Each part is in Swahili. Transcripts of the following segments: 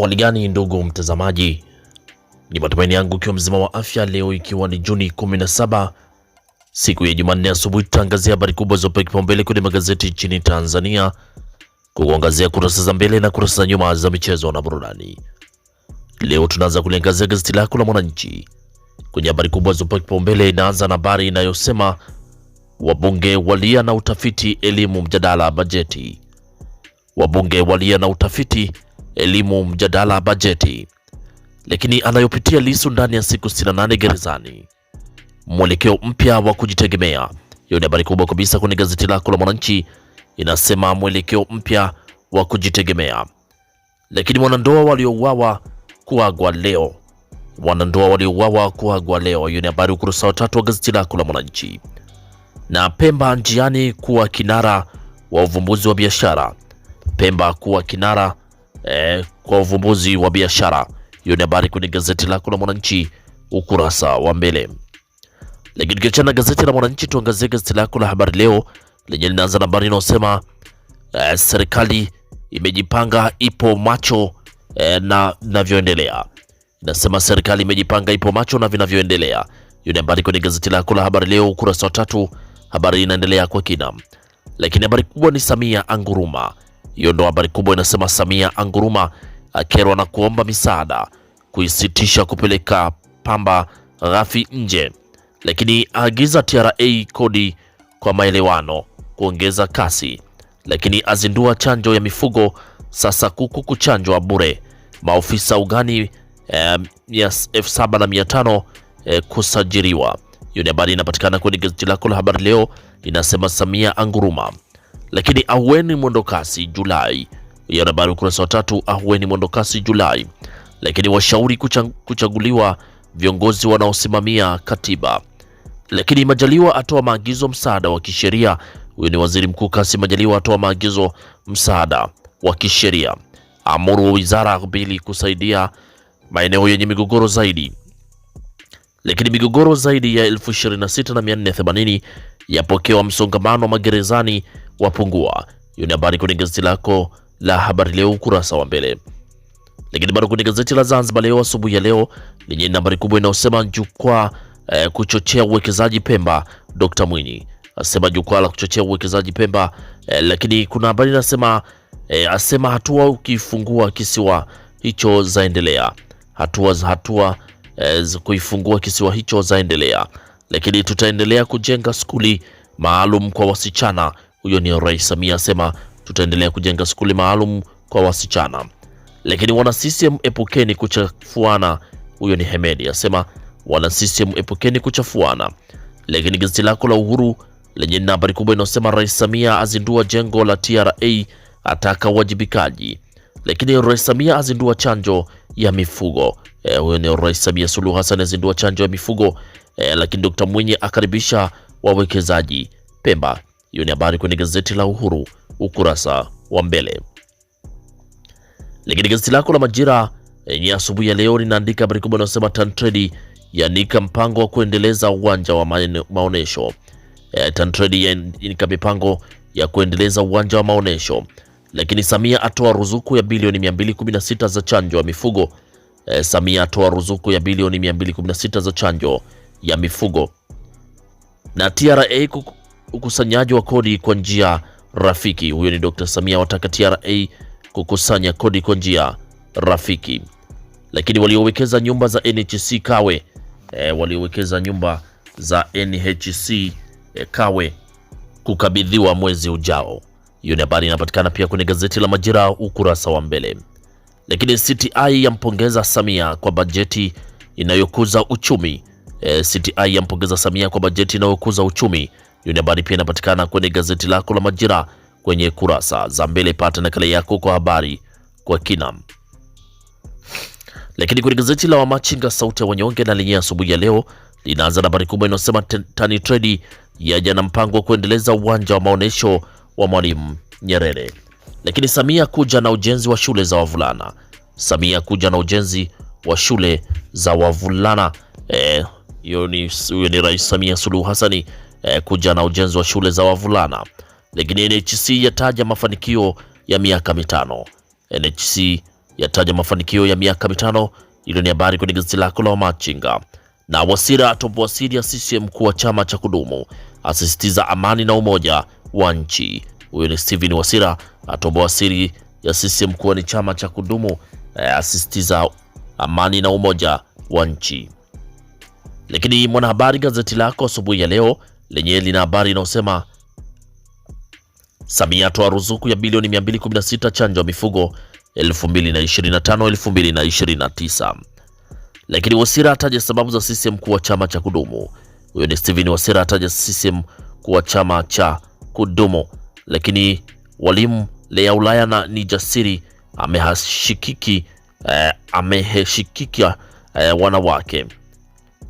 waligani ndugu mtazamaji, ni matumaini yangu ikiwa mzima wa afya. Leo ikiwa ni Juni 17 siku ya Jumanne asubuhi, tutaangazia habari kubwa zopewa kipaumbele kwenye magazeti nchini Tanzania, kuangazia kurasa za mbele na kurasa za nyuma za michezo na burudani. Leo tunaanza kuliangazia gazeti lako la Mwananchi kwenye habari kubwa zopewa kipaumbele. Inaanza na habari inayosema wabunge walia na utafiti elimu mjadala bajeti, wabunge walia na utafiti elimu, mjadala bajeti, lakini anayopitia lisu ndani ya siku 68 gerezani, mwelekeo mpya wa kujitegemea. Hiyo ni habari kubwa kabisa kwenye gazeti lako la Mwananchi, inasema mwelekeo mpya wa kujitegemea. Lakini wanandoa waliouawa kuagwa leo, wanandoa waliouawa kuagwa leo. Hiyo ni habari ukurasa wa tatu wa gazeti lako la Mwananchi. Na Pemba njiani kuwa kinara wa uvumbuzi wa biashara, Pemba kuwa kinara eh, kwa uvumbuzi wa biashara. Hiyo ni habari kwenye gazeti lako la Mwananchi ukurasa wa mbele. Lakini tukiachana gazeti la Mwananchi, tuangazie gazeti lako la Habari Leo lenye linaanza na habari inayosema eh, serikali imejipanga ipo macho eh, na vinavyoendelea. Inasema serikali imejipanga ipo macho na vinavyoendelea. Hiyo ni habari kwenye gazeti lako la Habari Leo ukurasa wa tatu. Habari inaendelea kwa kina, lakini habari kubwa ni Samia anguruma hiyo ndo habari kubwa inasema, Samia anguruma akerwa na kuomba misaada kuisitisha kupeleka pamba ghafi nje, lakini aagiza TRA kodi kwa maelewano kuongeza kasi, lakini azindua chanjo ya mifugo sasa, kuku kuchanjwa bure, maofisa ugani elfu saba na mia tano eh, kusajiriwa. Hiyo ni habari inapatikana kwenye gazeti lako la habari leo, inasema Samia anguruma lakini aweni mwendokasi Julai. Hiyo ni habari ukurasa wa tatu, aweni mwendokasi Julai. Lakini washauri kuchaguliwa viongozi wanaosimamia katiba. Lakini Majaliwa atoa maagizo msaada wa kisheria. Huyu ni waziri mkuu Kassim Majaliwa atoa maagizo msaada wa kisheria, amuru wa wizara mbili kusaidia maeneo yenye migogoro zaidi. Lakini migogoro zaidi ya 26480 yapokewa msongamano magerezani wapungua. Hiyo ni habari kwenye gazeti lako la habari leo ukurasa wa mbele. Lakini bado kwenye gazeti la Zanzibar leo asubuhi ya leo lenye nambari kubwa inayosema jukwaa eh, kuchochea uwekezaji Pemba. Dr Mwinyi asema jukwaa la kuchochea uwekezaji Pemba. Eh, lakini kuna habari inasema eh, asema hatua ukifungua kisiwa hicho zaendelea, hatua za hatua eh, kuifungua kisiwa hicho zaendelea. Lakini tutaendelea kujenga skuli maalum kwa wasichana huyo ni Rais Samia asema tutaendelea kujenga skuli maalum kwa wasichana. Lakini wana CCM epukeni kuchafuana. Huyo ni Hemedi asema wana CCM epukeni kuchafuana. Lakini gazeti lako la Uhuru lenye nambari kubwa inayosema Rais Samia azindua jengo la TRA ataka uwajibikaji. Lakini Rais Samia azindua chanjo ya mifugo. E, huyo ni Rais Samia Suluhu Hassan azindua chanjo ya mifugo. E, lakini Dr Mwinyi akaribisha wawekezaji Pemba. Hiyo ni habari kwenye gazeti la Uhuru ukurasa wa mbele. Lakini gazeti lako la Majira yenye eh, asubuhi ya leo linaandika habari kubwa inayosema Tantrade yanika mpango wa kuendeleza uwanja wa maonesho. E, eh, Tantrade yanika mipango ya kuendeleza uwanja wa maonesho. Lakini Samia atoa ruzuku ya bilioni 216 za chanjo ya mifugo. E, Samia atoa ruzuku ya bilioni 216 za chanjo ya mifugo na TRA ukusanyaji wa kodi kwa njia rafiki. Huyo ni Dr. Samia wataka TRA kukusanya kodi kwa njia rafiki. Lakini waliowekeza nyumba za NHC Kawe e, waliowekeza nyumba za NHC e, Kawe kukabidhiwa mwezi ujao. Hiyo ni habari inapatikana pia kwenye gazeti la Majira ukurasa wa mbele. Lakini CTI yampongeza Samia kwa bajeti inayokuza uchumi. E, CTI yampongeza Samia kwa bajeti inayokuza uchumi hiyo ni habari pia inapatikana kwenye gazeti lako la Majira kwenye kurasa za mbele. Pata nakala yako kwa habari kwa kina. Lakini kwenye gazeti la Wamachinga sauti ya wanyonge na lenye asubuhi ya leo linaanza na habari kubwa inayosema Tanitrade yaja na mpango wa kuendeleza uwanja wa maonyesho wa Mwalimu Nyerere. Lakini Samia kuja na ujenzi wa shule za wavulana. Samia kuja na ujenzi wa shule za wavulana. Eh, hiyo e, ni Rais Samia Suluhu Hassani eh, kuja na ujenzi wa shule za wavulana. Lakini NHC yataja mafanikio ya miaka mitano. NHC yataja mafanikio ya miaka mitano. Hilo ni habari kwenye gazeti lako la Machinga. Na Wasira atoboa siri ya CCM kuwa chama cha kudumu, asisitiza amani na umoja wa nchi. Huyo ni Steven Wasira atoboa siri ya CCM kuwa ni chama cha kudumu, eh, asisitiza amani na umoja wa nchi. Lakini Mwanahabari gazeti lako asubuhi ya leo lenyewe lina habari inayosema Samia atoa ruzuku ya bilioni 216 chanjo ya mifugo 2025-2029. Lakini Wasira ataja sababu za CCM kuwa chama cha kudumu. Huyo ni Steven Wasira ataja CCM kuwa chama cha kudumu. Lakini walimu leya Ulaya na ni jasiri amehashikiki eh, ameheshikika eh, wanawake.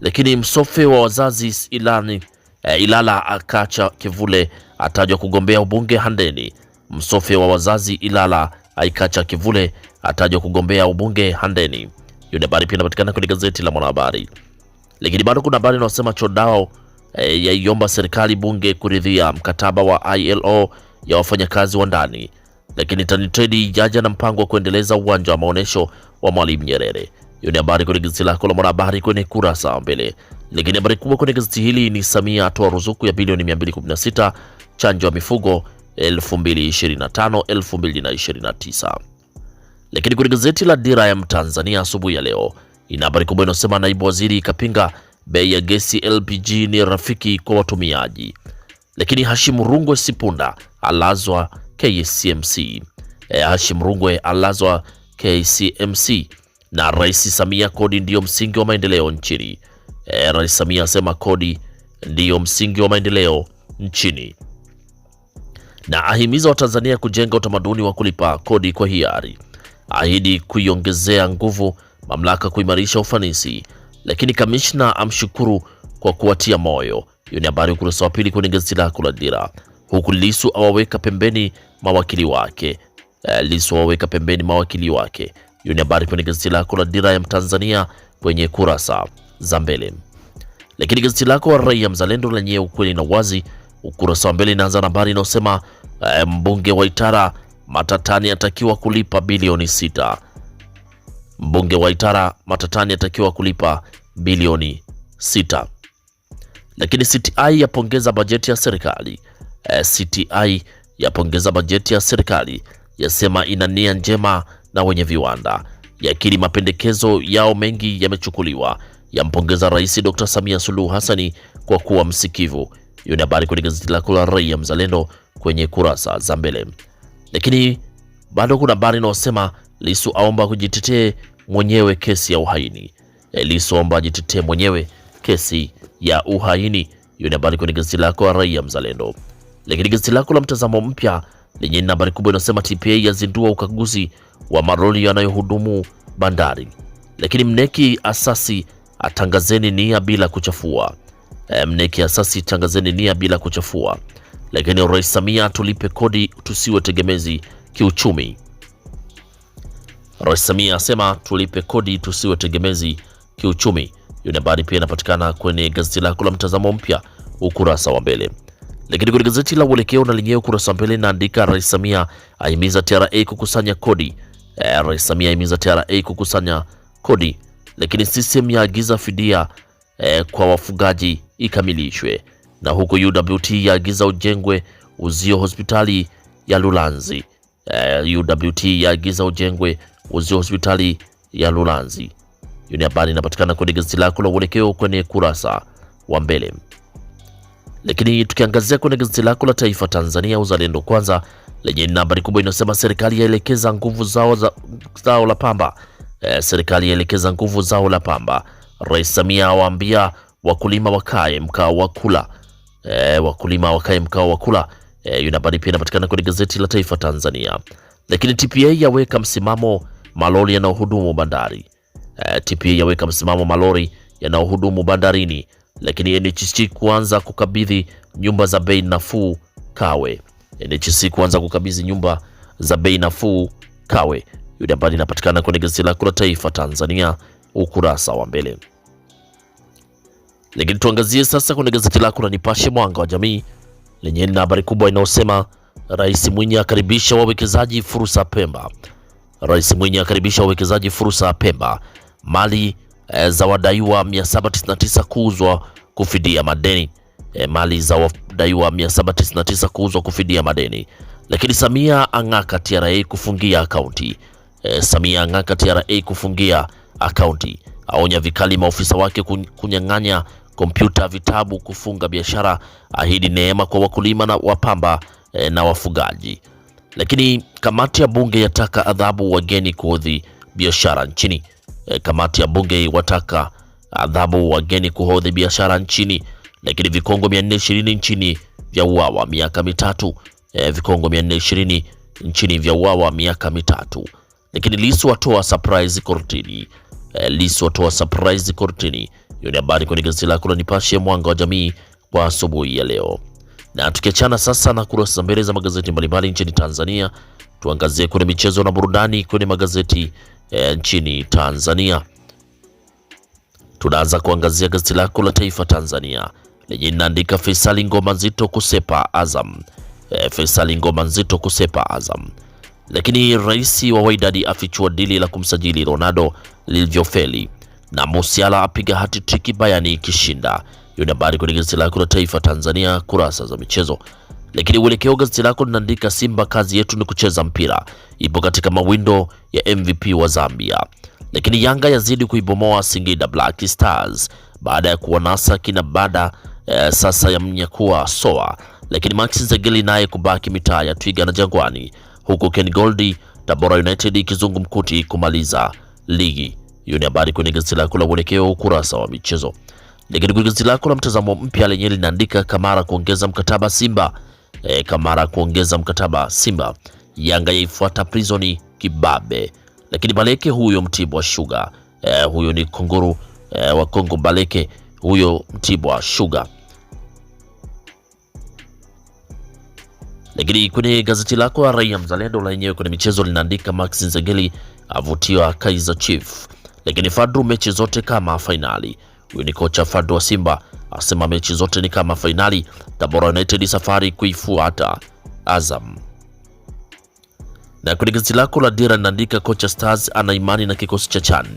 Lakini msofe wa wazazi ilani Eh, Ilala Akacha Kivule atajwa kugombea ubunge Handeni. Msofe wa wazazi Ilala Aikacha Kivule atajwa kugombea ubunge Handeni. Hiyo habari pia inapatikana kwenye gazeti la Mwanahabari, lakini bado kuna habari inayosema Chodao e, yaiomba serikali bunge kuridhia mkataba wa ILO ya wafanyakazi wa ndani. Lakini Tanitredi yaja na mpango wa kuendeleza uwanja wa maonyesho wa Mwalimu Nyerere. Hiyo ni habari kwenye gazeti lako la Mwanahabari kwenye kurasa wa mbele. Lakini habari kubwa kwenye gazeti hili ni Samia atoa ruzuku ya bilioni 216 chanjo ya mifugo 2025 2029. Lakini kwenye gazeti la Dira ya Mtanzania asubuhi ya leo ina habari kubwa inayosema naibu waziri ikapinga bei ya gesi LPG ni rafiki kwa watumiaji. Lakini Hashim Rungwe Sipunda alazwa KCMC. E, eh, Hashim Rungwe alazwa KCMC na Rais Samia, kodi ndiyo msingi wa maendeleo nchini. E, Rais Samia asema kodi ndiyo msingi wa maendeleo nchini na ahimiza Watanzania kujenga utamaduni wa kulipa kodi kwa hiari, ahidi kuiongezea nguvu mamlaka kuimarisha ufanisi, lakini kamishna amshukuru kwa kuwatia moyo. Hiyo ni habari ukurasa wa pili kwenye gazeti lako la Dira, huku Lisu awaweka pembeni mawakili wake. E, Lisu awaweka pembeni mawakili wake. Hiyo ni habari kwenye gazeti lako la Dira ya Mtanzania kwenye kurasa za mbele, lakini gazeti lako Raia Mzalendo lenye ukweli na uwazi ukurasa wa mbele inaanza na habari inayosema e, mbunge wa Itara matatani atakiwa kulipa bilioni sita. Mbunge wa Itara matatani atakiwa kulipa bilioni sita. Lakini CTI yapongeza bajeti ya serikali e, eh, CTI yapongeza bajeti ya serikali yasema ina nia njema na wenye viwanda, yakini mapendekezo yao mengi yamechukuliwa, yampongeza Rais Dr. Samia Suluhu hasani kwa kuwa msikivu. Hiyo ni habari kwenye gazeti lako la Raia Mzalendo kwenye kurasa za mbele, lakini bado kuna habari inayosema Lisu aomba kujitetee mwenyewe kesi ya uhaini. Eh, Lisu aomba ajitetee mwenyewe kesi ya uhaini. Hiyo ni habari kwenye gazeti lako la Raia Mzalendo, lakini gazeti lako la Mtazamo Mpya lenye nambari kubwa inasema TPA yazindua ukaguzi wa maroli yanayohudumu bandari, lakini mneki asasi atangazeni nia bila kuchafua. Eh, mneki asasi tangazeni nia bila kuchafua. Lakini Rais Samia, tulipe kodi tusiwe tegemezi kiuchumi. Rais Samia asema tulipe kodi tusiwe tegemezi kiuchumi. Hiyo habari pia inapatikana kwenye gazeti lako la Mtazamo Mpya ukurasa wa mbele. Lakini kwenye gazeti la Uelekeo na lenyewe kurasa mbele inaandika Rais Samia ahimiza TRA kukusanya kodi. Eh, Rais Samia ahimiza TRA kukusanya kodi. Lakini CCM yaagiza fidia eh, kwa wafugaji ikamilishwe, na huko UWT yaagiza ujengwe uzio hospitali ya Lulanzi. Eh, UWT yaagiza ujengwe uzio hospitali ya Lulanzi. Hiyo ni habari inapatikana kwenye gazeti lako la Uelekeo kwenye kurasa wa mbele. Lakini tukiangazia kwenye gazeti lako la Taifa Tanzania Uzalendo Kwanza lenye habari kubwa inasema serikali yaelekeza nguvu zao, za, zao la pamba e, serikali yaelekeza nguvu zao la pamba. Rais Samia awaambia wakulima wakae mkao wa kula e, wakulima wakae mkao wa kula e, eh, inabari pia inapatikana kwenye gazeti la Taifa Tanzania. Lakini TPA yaweka msimamo malori yanayohudumu bandari e, TPA yaweka msimamo malori yanayohudumu bandarini lakini NHC kuanza kukabidhi nyumba za bei nafuu Kawe. NHC kuanza kukabidhi nyumba za bei nafuu Kawe. Yule ambaye inapatikana kwenye gazeti lako la Taifa Tanzania ukurasa wa mbele. Lakini tuangazie sasa kwenye gazeti lako la Nipashe Mwanga wa Jamii lenye na habari kubwa inayosema Rais Mwinyi akaribisha wawekezaji fursa Pemba. Rais Mwinyi akaribisha wawekezaji fursa Pemba. Mali e, za wadaiwa 799 kuuzwa kufidia madeni. E, mali za wadaiwa 799 kuuzwa kufidia madeni. Lakini Samia ang'aka TRA kufungia akaunti. E, Samia ang'aka TRA kufungia akaunti, aonya vikali maofisa wake kunyang'anya kompyuta, vitabu, kufunga biashara, ahidi neema kwa wakulima na wapamba e, na wafugaji. Lakini kamati ya bunge yataka adhabu wageni kuodhi biashara nchini. E, kamati ya bunge iwataka adhabu wageni kuhodhi biashara nchini. Lakini vikongo 420 nchini vya uawa miaka mitatu. E, vikongo 420 nchini vya uawa miaka mitatu. Lakini Lissu watoa surprise kortini. E, Lissu watoa surprise kortini. Hiyo ni habari kwenye gazeti lako la Nipashe mwanga wa jamii kwa asubuhi ya leo. Na tukiachana sasa na kurasa za mbele za magazeti mbalimbali nchini Tanzania, tuangazie kwenye michezo na burudani kwenye magazeti e, nchini Tanzania. Tunaanza kuangazia gazeti lako la Taifa Tanzania lenye linaandika Faisali ngoma nzito kusepa Azam. E, Faisali ngoma nzito kusepa Azam. Lakini rais wa Wydad afichua dili la kumsajili Ronaldo lilivyofeli na Musiala apiga hati Bayani kishinda. Hiyo ni habari kwenye gazeti lako la Taifa Tanzania kurasa za michezo. Lakini uelekeo gazeti lako linaandika Simba kazi yetu ni kucheza mpira, ipo katika mawindo ya MVP wa Zambia. Lakini Yanga yazidi kuibomoa Singida Black Stars baada ya kuwanasa kina bada eh, sasa ya mnyakua soa. Lakini Max Zegeli naye kubaki mitaa ya Twiga na Jangwani, huku Ken Goldi Tabora United kizungumkuti kumaliza ligi. Hiyo ni habari kwenye gazeti lako la uelekeo ukurasa wa michezo. Lakini kwenye gazeti lako la mtazamo mpya lenyewe linaandika Kamara kuongeza mkataba Simba e, Kamara kuongeza mkataba Simba. Yanga yaifuata Prisoni kibabe, lakini Baleke huyo Mtibwa Sugar e, huyo ni kunguru e, wa Kongo. Baleke huyo Mtibwa Sugar. Lakini kwenye gazeti lako la Raia Mzalendo la yenyewe kwenye michezo linaandika Max Nzengeli avutiwa Kaizer Chief, lakini Fadru mechi zote kama fainali Huyu ni kocha Fadlu wa Simba asema mechi zote ni kama fainali. Tabora United safari kuifuata Azam. Na kwenye gazeti lako la Dira linaandika kocha Stars ana imani na kikosi cha Chani.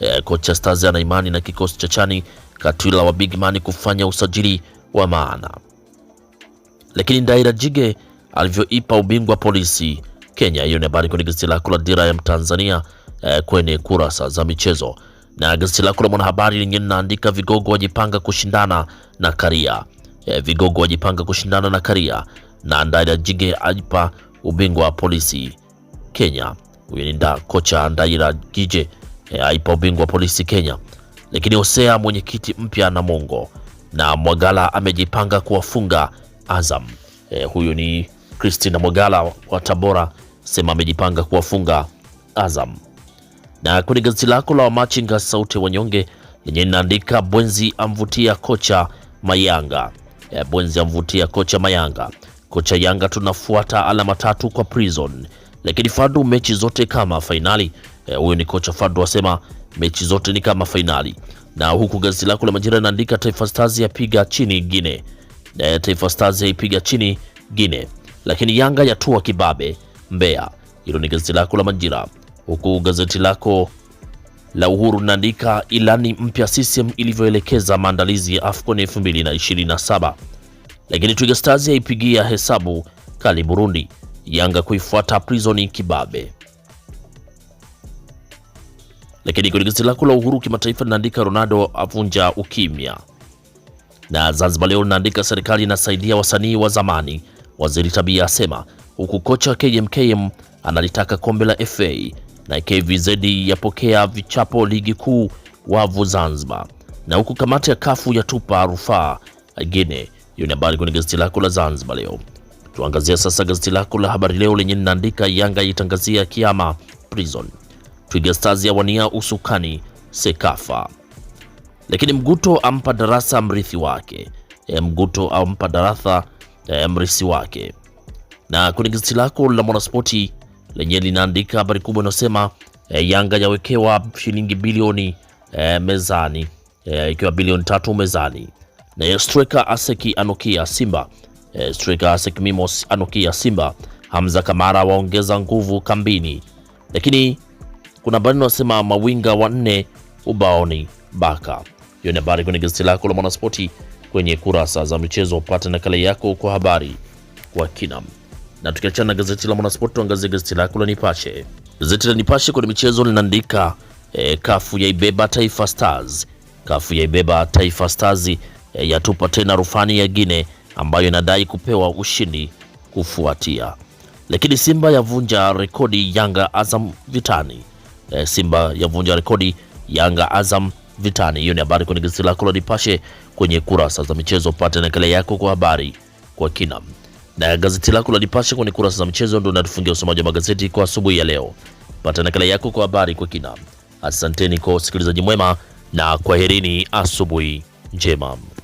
E, kocha Stars ana imani na kikosi cha Chani. Katwila wa Big Man kufanya usajili wa maana. Lakini Ndaira Jige alivyoipa ubingwa polisi Kenya. Hiyo ni habari kwenye gazeti lako la Dira ya Mtanzania e, kwenye kurasa za michezo. Na gazeti lako la Mwanahabari lingine linaandika vigogo wajipanga kushindana na Karia. E, vigogo wajipanga kushindana na Karia na Ndaira Jige ajipa ubingwa wa polisi Kenya. Huyu ni nda kocha Ndaira Jige e, aipa ubingwa wa polisi Kenya. Lakini Hosea mwenyekiti mpya na mongo na Mwagala amejipanga kuwafunga Azam. E, huyu ni Christina Mwagala wa Tabora sema amejipanga kuwafunga Azam. Na kwenye gazeti lako la Wamachinga sauti wanyonge lenye linaandika Bwenzi amvutia kocha Mayanga. E, Bwenzi amvutia kocha Mayanga. Kocha Yanga tunafuata alama tatu kwa Prison, lakini Fadu mechi zote kama fainali. Eh, huyo e, ni kocha Fadu asema mechi zote ni kama fainali. Na huku gazeti lako la Majira linaandika Taifa Stars yapiga chini Gine. E, eh, Taifa Stars yapiga chini Gine, lakini Yanga yatua kibabe Mbeya. Hilo ni gazeti lako la Majira huku gazeti lako la Uhuru linaandika ilani mpya CCM ilivyoelekeza maandalizi ya AFCON 2027 lakini Twiga Stars yaipigia hesabu kali Burundi, Yanga kuifuata Prison kibabe. Lakini kwenye gazeti lako la Uhuru kimataifa linaandika Ronaldo avunja ukimya, na Zanzibar Leo linaandika serikali inasaidia wasanii wa zamani, waziri Tabia asema, huku kocha KMKM analitaka kombe la FA na KVZ yapokea vichapo ligi kuu wavu Zanzibar, na huku kamati ya kafu yatupa rufaa nyingine. Hiyo ni habari kwenye gazeti lako la Zanzibar leo. Tuangazia sasa gazeti lako la habari leo lenye linaandika Yanga itangazia kiama prison, Twiga Stars yawania usukani Sekafa, lakini Mguto ampa darasa mrithi wake e, Mguto ampa darasa e, mrithi wake. Na kwenye gazeti lako la Mwanaspoti lenye linaandika habari kubwa inayosema e, Yanga yawekewa shilingi bilioni e, mezani e, ikiwa bilioni tatu mezani. Na striker Aseki anokia Simba e, striker Aseki Mimos anokia Simba. Hamza Kamara waongeza nguvu kambini, lakini kuna habari inayosema mawinga wanne ubaoni Baka. Hiyo ni habari kwenye gazeti lako la Mwanaspoti kwenye kurasa za michezo. Pata nakala yako kwa habari kwa kina na tukiachana na gazeti la Mwanasport tuangazie gazeti lako la Nipashe. Gazeti la Nipashe kwenye michezo linaandika e, kafu ya ibeba Taifa Stars, kafu ya ibeba Taifa Stars e, yatupa tena rufani ya Gine ambayo inadai kupewa ushindi kufuatia. Lakini Simba yavunja rekodi Yanga Azam vitani. E, Simba yavunja rekodi Yanga Azam vitani. Hiyo ni habari kwenye gazeti lako la Nipashe kwenye kurasa za michezo. Pata nakala yako kwa habari kwa kina na gazeti lako la Nipashe kwenye kurasa za michezo ndio natufungia usomaji wa magazeti kwa asubuhi ya leo. Pata nakala yako kwa habari kwa kina. Asanteni kwa usikilizaji mwema na kwaherini, asubuhi njema.